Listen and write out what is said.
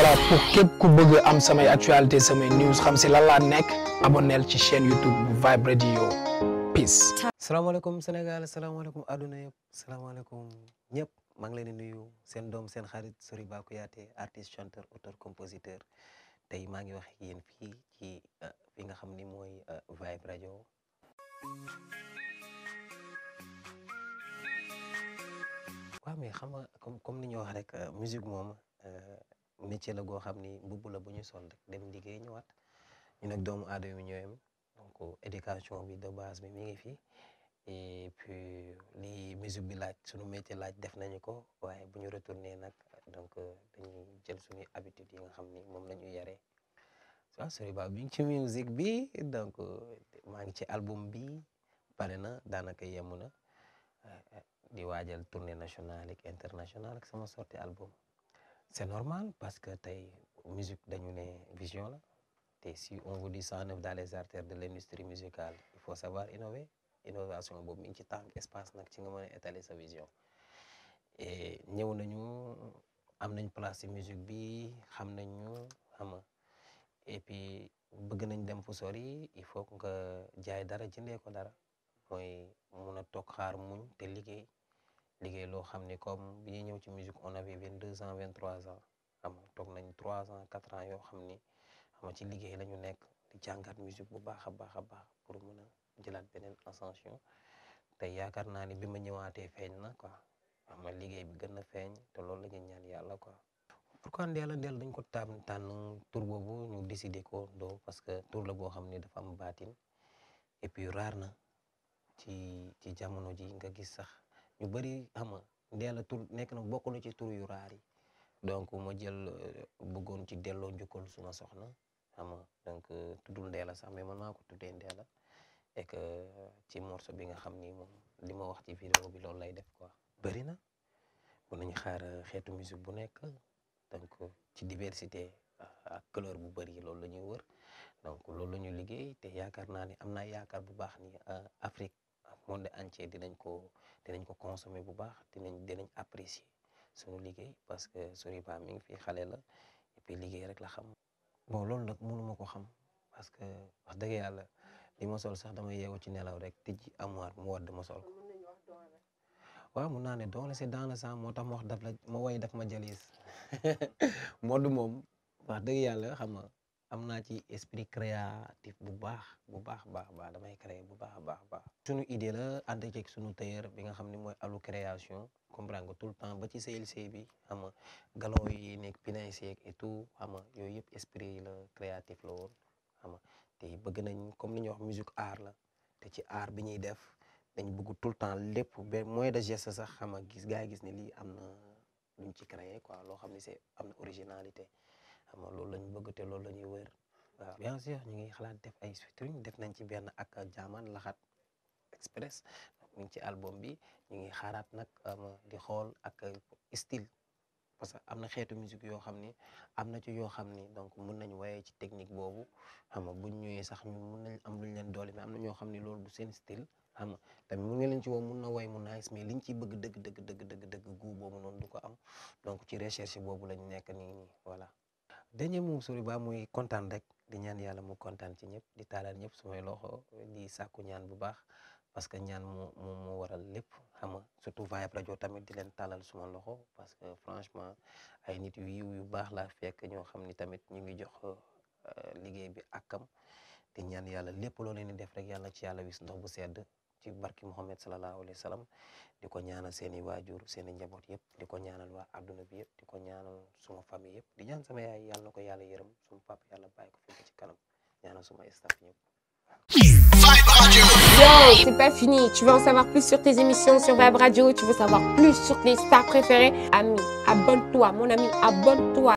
voilà pour képp ku bëgg am samay actualité samay news xam si lan laa nekk abonneel ci chaîne YouTube bu Vibe Radio peace. salaamaaleykum Sénégal salaamaaleykum adduna yëpp salaamaaleykum ñëpp maa ngi leen di nuyu seen doom seen xarit Soriba Kouyaté artiste chanteur auteur compositeur tey maa ngi wax ak yéen fii ci euh, fi nga xam ni mooy euh, Vibe Radio. waaw mais xam nga comme comme ni ñu wax rek euh, musique moom. métier la goo xam ni mbubb la bu ñu sol rek dem liggéey ñëwaat ñu nag doomu aadama yi ñooyam donc éducation bi de base bi mi ngi fi et puis li musique bi laaj suñu métier laaj def nañu ko waaye bu ñu retourné nag donc euh, dañu jël suñu habitude yi nga xam ni moom la yare yaree waaw Ba bi ngi ci musique bi donc euh, maa ngi ci album bi pare na daanaka yemu na euh, di waajal tournée nationale ak internationale ak sama sortie album c'est normal parce que la musique dañu une vision la si on vous dit ça dans les artères de l'industrie musicale il faut savoir innover innovation est un temps espace qui étaler sa vision et nous, avons am nañ place musique bi xam nañu xama et puis bëgg nañ dem fu sori il faut que jaay dara jëndee ko dara mooy mun a tout xaar muñ te liggéey liggéey loo xam ne comme bi ñuy ñëw ci musique on avait vingt deux ans vingt trois ans xam nga toog nañ trois ans quatre ans yoo xam ni am nga ci liggéey lañu nekk di jàngat musique bu baax a baax a baax pour mën a jëlaat beneen ascension te yaakaar naa ni bi ma ñëwaatee feeñ na ko am nga liggéey bi gën na feeñ te loolu la ñuy ñaan yàlla quoi. pourquoi Ndéla Ndéla dañ ko tànn tànn tur boobu ñu décider ko doo parce que tur la boo xam ne dafa am baatin et puis raar na ci ci jamono ji nga gis sax. ñu bëri xam nga tur nekk na bokk na ci tur yu raar yi donc ma jël bëggoon ci delloo njukkal suma soxna xam nga donc tuddul ndeela sax mais man maa ko tuddee ndeela et que ci morceau bi nga xam ni moom wax ci vidéo bi loolu lay def quoi bëri na mun nañu xaar euh, xeetu musique bu nekk donc ci diversité euh, ak couleur bu bëri loolu la ñuy wër donc loolu la liggéey te yaakaar naa ni amna naa bu baax ni euh, Afrique monde entier dinañ ko dinañ ko consommer bu baax dinañ dinañ apprécier suñu liggéey parce que Soriba mi ngi fi xale la et liggéey rek la xam. bon loolu nag mënuma ko xam parce que wax dëgg yàlla li ma sol sax damay yeewu ci nelaw rek tijji armoire mu war ma sol ko. waaw mun naa ne doole c'est dans le sang moo tax ma wax daf la ma way daf ma jalis modd moom wax dëgg yàlla xam nga am naa ci esprit créatif bu baax bu baax baax baax damay créer bu baax baax baax suñu idée la ànd ceeg suñu tailleur bi nga xam ne mooy alu création comprendre nga tout le temps ba ci CLC bi xam nga galon yi nekk pinay seeg et tout xam nga yooyu yëpp esprit la créatif la woon xam nga te bëgg nañ comme li ñuy wax musique art la te ci art bi ñuy def dañ bëgg tout le temps lépp ba moyen de geste sax xam nga gis gaa gis ne lii am na ñu ci créer quoi loo xam ne c'est am na originalité xam nga loolu lañ bëgg te la ñuy wër waaw bien sûr ñu ngi xalaat def ay featuring def nañ ci benn ak jaamaan laxaat express mi ngi ci album bi ñu ngi xaaraat nag di xool ak style parce que am na xeetu musique yoo xam ni am na ci yoo xam ni donc mun nañ woyee ci technique boobu xam nga buñ ñëwee sax mun nañ am luñ leen doole mais am na ñoo xam ni loolu du seen style xam nga tamit mu ngi leen ci woo mun na woy mu nice mais liñ ciy bëgg dëgg dëgg dëgg dëgg dëgg gu boobu noonu du ko am donc ci recherche boobu lañ nekk nii nii dernier mu suri ba muy kontaan rek di ñaan yàlla mu kontaan ci ñëpp di taalal ñëpp sumay loxo di sàkku ñaan bu baax parce que ñaan mu mu mu waral lépp xam nga surtout Vibe Radio tamit di leen taalal suma loxo parce que franchement ay nit yu yiw yu baax laa fekk ñoo xam ni tamit ñu ngi jox euh, liggéey bi akkam te ñaan yàlla lépp loo leen di def rek yàlla ci yàlla wis ndox bu sedd ci barki mohammed sallalahu alayhi wa sallam di ñaanal seeni wajur seeni njabot i diko ñaanal wa aduna bi yëpp diko ñaanal suma famille yëpp di ñaan sama yaay yalla na ko yàlla yërëm suma papa yalla bayiko ko fi ci kanam ñaanal suma staff ñëpp. Yo, c'est pas fini. Tu veux en savoir plus sur tes émissions sur Vibe Radio Tu veux savoir plus sur tes stars préférées Ami, abonne-toi, mon ami, abonne-toi.